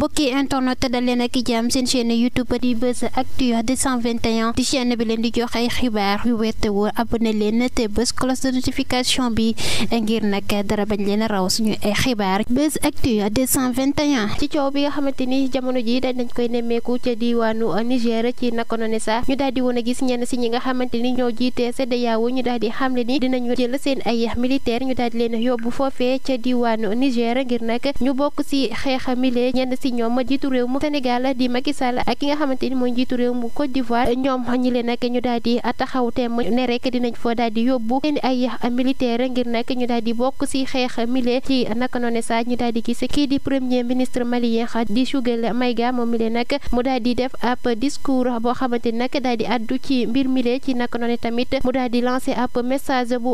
mbokki internet dal leen ak jàmm seen chaîne youtube di Buzz Actu 221 di chaîne bi leen di jox ay xibaar yu wér te wóor abonné leen te bës cloche de notification bi ngir nag dara bañ leen raw suñu ay xibaar Buzz Actu 221 ci coow bi nga xamante ni jamono ji dañ nañ koy nemmeeku ca diwaanu Niger ci naka noonu sax ñu daal di woon gis ñenn si ñi nga xamante ni ñoo jiite CEDEAO ñu daal di xamle ni dinañu jël seen ay militaire ñu daal di leen yóbbu foofee ca diwaanu ci ñoom jiitu réew mu Sénégal di Macky Sall ak ki nga xamante ni mooy njiitu réew mu Côte di taxaw teem ne rek dinañ fa daal di yóbbu di bokk ci xeex mile ci naka noone sa ñu mi leen nag mu daal di def ab discours bu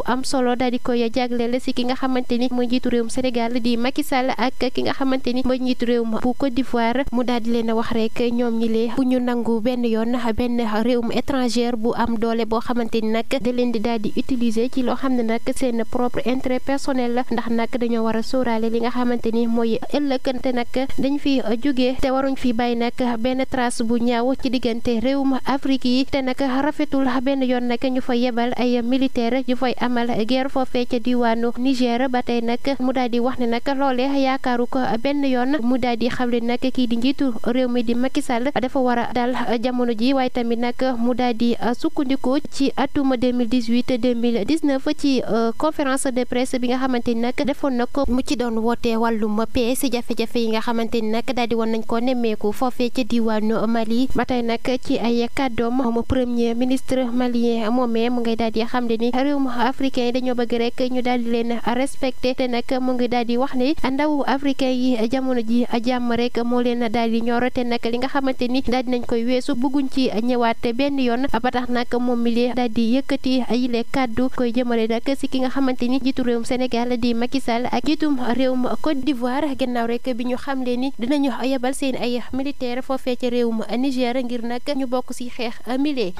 am solo daal di koy jagleel ci ki nga xamante ni mooy njiitu réewum Sénégal di Macky ak ki nga xamante ni mooy njiitu réewum bu Côte d'Ivoire mu daal di leen a wax rek ñoom ñi lee bu ñu nangu benn yoon benn réewum étranger bu am doole boo xamante ni nag da leen di daal di utiliser ci loo xam ne nag seen propre intérêt personnel ndax nag dañoo war a li nga xamante ni mooy te nag dañ fi jógee te waruñ fi bàyyi nag benn trace bu ñaaw ci diggante réew ma Afrique yi te nag rafetul benn yoon nag ñu fa yebal ay militaire yu fay amal guerre foofee ca diwaanu Niger ba tey nag mu ne nag kii di njiitu réew mi di Macky Sall dafa war a dal jamono ji waaye tamit nag mu daal di sukkandiku ci atum 2018 2019 ci euh, conférence de presse bi nga xamante ni nag defoon na ko mu ci doon wootee wàllum paix si jafe yi nga xamante ni nag daal di woon nañ ko nemmeeku foofee ca diwaanu Mali ba tey nag ci ay kàddoom mu premier ministre malien moomee mu ngi daal di xam ne ni réewum africain dañoo bëgg rek ñu daal di leen respecté te nag mu ngi daal di wax ni ndaw africain yi jamono ji jàmm rek rek moo leen daal di ñorote nag li nga xamante ni daal di koy weesu bëgguñ ci te benn yoon ba tax nag moom mi li daal di yëkkati yile kàddu koy jëmale nag si ki nga xamante ni jiitu senegal Sénégal di Macky Sall ak jiitum ma Côte d'Ivoire gannaaw rek bi ñu xamle ni dinañu yebal seen ay militaire réew ca réewum Niger ngir nag ñu bokk si xeex milé